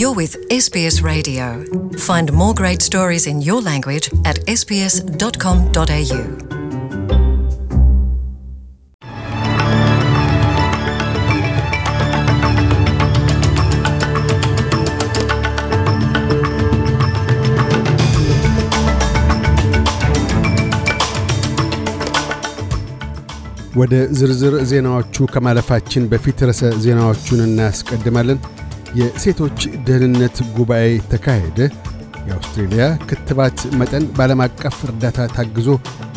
You're with SBS Radio. Find more great stories in your language at sbs.com.au. ወደ ዝርዝር ዜናዎቹ ከማለፋችን በፊት ርዕሰ ዜናዎቹን እናስቀድማለን። የሴቶች ደህንነት ጉባኤ ተካሄደ። የአውስትሬልያ ክትባት መጠን በዓለም አቀፍ እርዳታ ታግዞ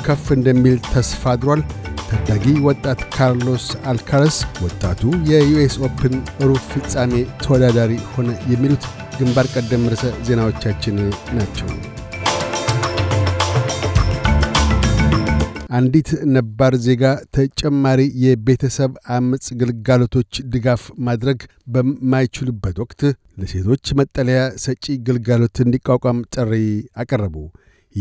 ከፍ እንደሚል ተስፋ አድሯል። ታዳጊ ወጣት ካርሎስ አልካረስ ወጣቱ የዩኤስ ኦፕን ሩብ ፍጻሜ ተወዳዳሪ ሆነ። የሚሉት ግንባር ቀደም ርዕሰ ዜናዎቻችን ናቸው። አንዲት ነባር ዜጋ ተጨማሪ የቤተሰብ አመፅ ግልጋሎቶች ድጋፍ ማድረግ በማይችሉበት ወቅት ለሴቶች መጠለያ ሰጪ ግልጋሎት እንዲቋቋም ጥሪ አቀረቡ።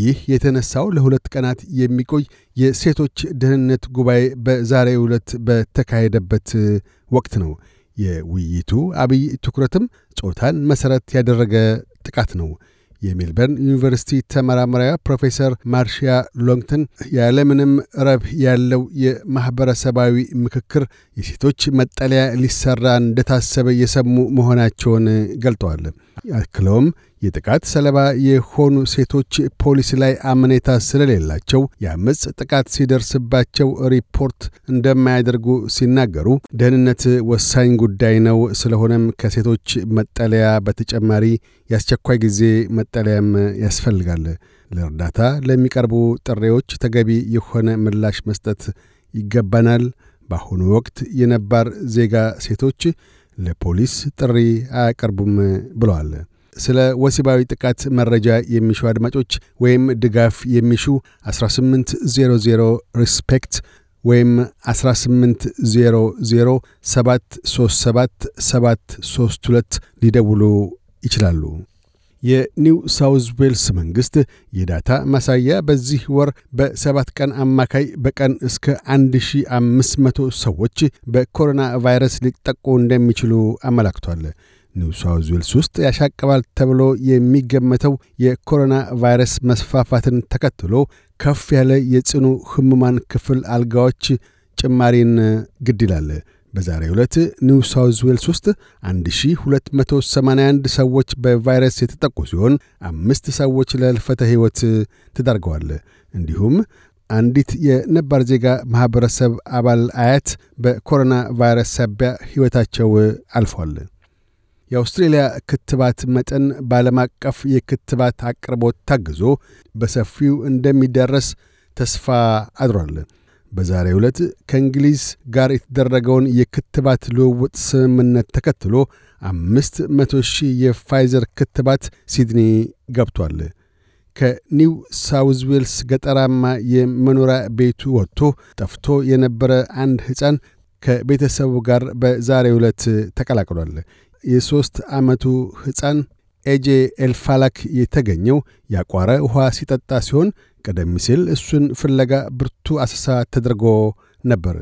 ይህ የተነሳው ለሁለት ቀናት የሚቆይ የሴቶች ደህንነት ጉባኤ በዛሬ ዕለት በተካሄደበት ወቅት ነው። የውይይቱ አብይ ትኩረትም ጾታን መሠረት ያደረገ ጥቃት ነው። የሜልበርን ዩኒቨርሲቲ ተመራማሪያ ፕሮፌሰር ማርሺያ ሎንግተን ያለምንም ረብ ያለው የማኅበረሰባዊ ምክክር የሴቶች መጠለያ ሊሠራ እንደታሰበ የሰሙ መሆናቸውን ገልጠዋል። አክለውም የጥቃት ሰለባ የሆኑ ሴቶች ፖሊስ ላይ አመኔታ ስለሌላቸው የአመፅ ጥቃት ሲደርስባቸው ሪፖርት እንደማያደርጉ ሲናገሩ ደህንነት ወሳኝ ጉዳይ ነው። ስለሆነም ከሴቶች መጠለያ በተጨማሪ የአስቸኳይ ጊዜ መጠለያም ያስፈልጋል። ለእርዳታ ለሚቀርቡ ጥሪዎች ተገቢ የሆነ ምላሽ መስጠት ይገባናል። በአሁኑ ወቅት የነባር ዜጋ ሴቶች ለፖሊስ ጥሪ አያቀርቡም ብለዋል። ስለ ወሲባዊ ጥቃት መረጃ የሚሹ አድማጮች ወይም ድጋፍ የሚሹ 1800 ሪስፔክት ወይም 1800737732 ሊደውሉ ይችላሉ። የኒው ሳውዝ ዌልስ መንግሥት የዳታ ማሳያ በዚህ ወር በሰባት ቀን አማካይ በቀን እስከ 1500 ሰዎች በኮሮና ቫይረስ ሊጠቁ እንደሚችሉ አመላክቷል። ኒው ሳውዝ ዌልስ ውስጥ ያሻቀባል ተብሎ የሚገመተው የኮሮና ቫይረስ መስፋፋትን ተከትሎ ከፍ ያለ የጽኑ ህሙማን ክፍል አልጋዎች ጭማሪን ግድ ይላል። በዛሬ ዕለት ኒው ሳውዝ ዌልስ ውስጥ 1281 ሰዎች በቫይረስ የተጠቁ ሲሆን አምስት ሰዎች ለልፈተ ሕይወት ተዳርገዋል። እንዲሁም አንዲት የነባር ዜጋ ማኅበረሰብ አባል አያት በኮሮና ቫይረስ ሳቢያ ሕይወታቸው አልፏል። የአውስትሬልያ ክትባት መጠን በዓለም አቀፍ የክትባት አቅርቦት ታግዞ በሰፊው እንደሚዳረስ ተስፋ አድሯል። በዛሬ ዕለት ከእንግሊዝ ጋር የተደረገውን የክትባት ልውውጥ ስምምነት ተከትሎ አምስት መቶ ሺህ የፋይዘር ክትባት ሲድኒ ገብቷል። ከኒው ሳውዝ ዌልስ ገጠራማ የመኖሪያ ቤቱ ወጥቶ ጠፍቶ የነበረ አንድ ሕፃን ከቤተሰቡ ጋር በዛሬ ዕለት ተቀላቅሏል። የሦስት ዓመቱ ሕፃን ኤጄ ኤልፋላክ የተገኘው ያቋረ ውኃ ሲጠጣ ሲሆን ቀደም ሲል እሱን ፍለጋ ብርቱ አሰሳ ተደርጎ ነበር።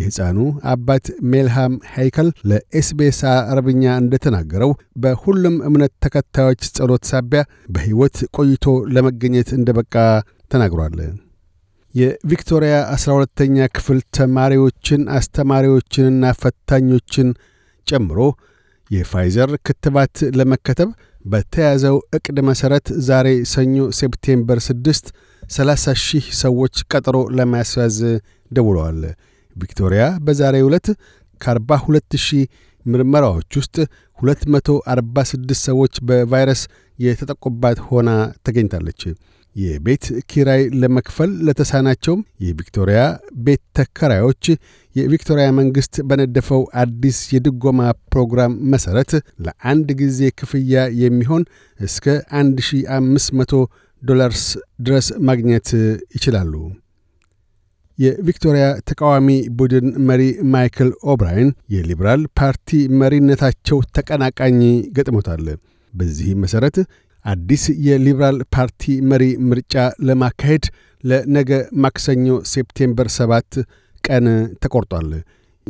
የሕፃኑ አባት ሜልሃም ሃይከል ለኤስቤስ አረብኛ እንደተናገረው በሁሉም እምነት ተከታዮች ጸሎት ሳቢያ በሕይወት ቆይቶ ለመገኘት እንደበቃ ተናግሯል። የቪክቶሪያ 12ተኛ ክፍል ተማሪዎችን አስተማሪዎችንና ፈታኞችን ጨምሮ የፋይዘር ክትባት ለመከተብ በተያዘው ዕቅድ መሠረት ዛሬ ሰኞ ሴፕቴምበር 6 30 ሺህ ሰዎች ቀጠሮ ለማስያዝ ደውለዋል። ቪክቶሪያ በዛሬ ዕለት ከ42 ሺህ ምርመራዎች ውስጥ 246 ሰዎች በቫይረስ የተጠቁባት ሆና ተገኝታለች። የቤት ኪራይ ለመክፈል ለተሳናቸውም የቪክቶሪያ ቤት ተከራዮች የቪክቶሪያ መንግሥት በነደፈው አዲስ የድጎማ ፕሮግራም መሠረት ለአንድ ጊዜ ክፍያ የሚሆን እስከ 1500 ዶላርስ ድረስ ማግኘት ይችላሉ። የቪክቶሪያ ተቃዋሚ ቡድን መሪ ማይክል ኦብራይን የሊበራል ፓርቲ መሪነታቸው ተቀናቃኝ ገጥሞታል። በዚህም መሠረት አዲስ የሊበራል ፓርቲ መሪ ምርጫ ለማካሄድ ለነገ ማክሰኞ ሴፕቴምበር 7 ቀን ተቆርጧል።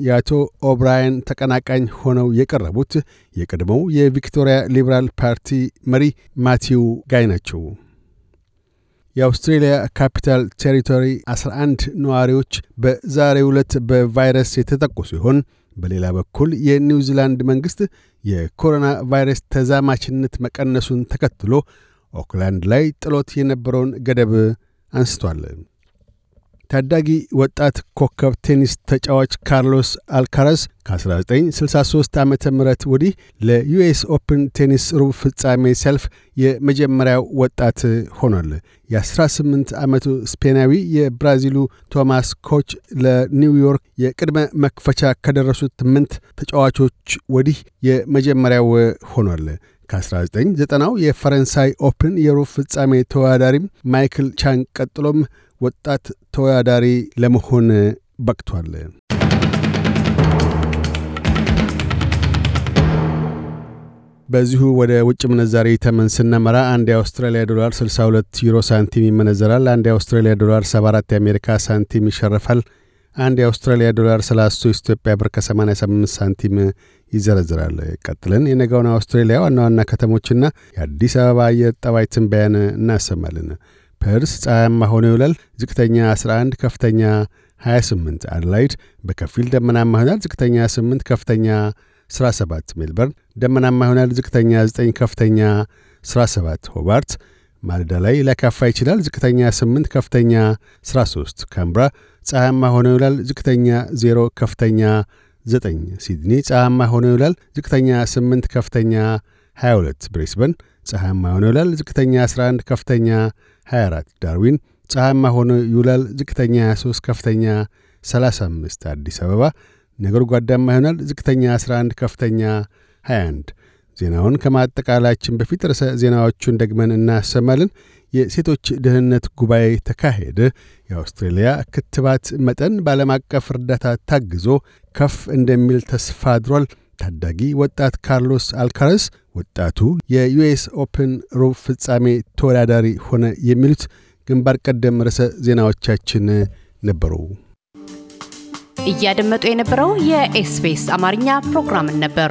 የአቶ ኦብራያን ተቀናቃኝ ሆነው የቀረቡት የቀድሞው የቪክቶሪያ ሊበራል ፓርቲ መሪ ማቲው ጋይ ናቸው። የአውስትሬልያ ካፒታል ቴሪቶሪ 11 ነዋሪዎች በዛሬው ዕለት በቫይረስ የተጠቁ ሲሆን በሌላ በኩል የኒውዚላንድ መንግሥት የኮሮና ቫይረስ ተዛማችነት መቀነሱን ተከትሎ ኦክላንድ ላይ ጥሎት የነበረውን ገደብ አንስቷል። ታዳጊ ወጣት ኮከብ ቴኒስ ተጫዋች ካርሎስ አልካራዝ ከ1963 ዓ ም ወዲህ ለዩኤስ ኦፕን ቴኒስ ሩብ ፍጻሜ ሰልፍ የመጀመሪያው ወጣት ሆኗል። የ18 ዓመቱ ስፔናዊ የብራዚሉ ቶማስ ኮች ለኒውዮርክ የቅድመ መክፈቻ ከደረሱት ስምንት ተጫዋቾች ወዲህ የመጀመሪያው ሆኗል። ከ1990ው የፈረንሳይ ኦፕን የሩብ ፍጻሜ ተወዳዳሪም ማይክል ቻን ቀጥሎም ወጣት ተወዳዳሪ ለመሆን በቅቷል። በዚሁ ወደ ውጭ ምንዛሪ ተመን ስነመራ አንድ የአውስትራሊያ ዶላር 62 ዩሮ ሳንቲም ይመነዘራል። አንድ የአውስትራሊያ ዶላር 74 የአሜሪካ ሳንቲም ይሸርፋል። አንድ የአውስትራሊያ ዶላር 33 ኢትዮጵያ ብር ከ88 ሳንቲም ይዘረዝራል። ቀጥለን የነገውን አውስትራሊያ ዋና ዋና ከተሞችና የአዲስ አበባ አየር ጠባይ ትንበያን እናሰማለን። ፐርስ ፀሐያማ ሆኖ ይውላል። ዝቅተኛ 11 ከፍተኛ 28። አድላይድ በከፊል ደመናማ ይሆናል። ዝቅተኛ 8 ከፍተኛ 7 ሜልበርን ደመናማ ይሆናል። ዝቅተኛ 9 ከፍተኛ 7 ሆባርት ማልዳ ላይ ሊያካፋ ይችላል። ዝቅተኛ 8 ከፍተኛ 3 ካምብራ ፀሐያማ ሆኖ ይውላል። ዝቅተኛ 0 ከፍተኛ 9። ሲድኒ ፀሐያማ ሆኖ ይውላል። ዝቅተኛ 8 ከፍተኛ 22። ብሬስበን ፀሐያማ ሆኖ ይውላል። ዝቅተኛ 11 ከፍተኛ 24 ዳርዊን፣ ፀሐያማ ሆኖ ይውላል። ዝቅተኛ 23፣ ከፍተኛ 35። አዲስ አበባ ነጎድጓዳማ ይሆናል። ዝቅተኛ 11፣ ከፍተኛ 21። ዜናውን ከማጠቃላችን በፊት ርዕሰ ዜናዎቹን ደግመን እናሰማለን። የሴቶች ደህንነት ጉባኤ ተካሄደ። የአውስትሬልያ ክትባት መጠን በዓለም አቀፍ እርዳታ ታግዞ ከፍ እንደሚል ተስፋ አድሯል። ታዳጊ ወጣት ካርሎስ አልካረስ ወጣቱ የዩኤስ ኦፕን ሩብ ፍጻሜ ተወዳዳሪ ሆነ የሚሉት ግንባር ቀደም ርዕሰ ዜናዎቻችን ነበሩ። እያደመጡ የነበረው የኤስፔስ አማርኛ ፕሮግራምን ነበር።